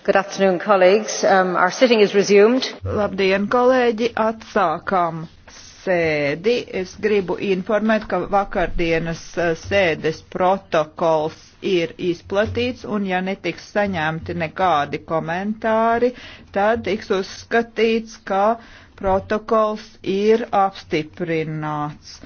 Um, Labdien, kolēģi! Atsākām sēdi. Es gribu informēt, ka vakardienas uh, sēdes protokols ir izplatīts, un ja netiks saņemti nekādi komentāri, tad tiks uzskatīts, ka protokols ir apstiprināts.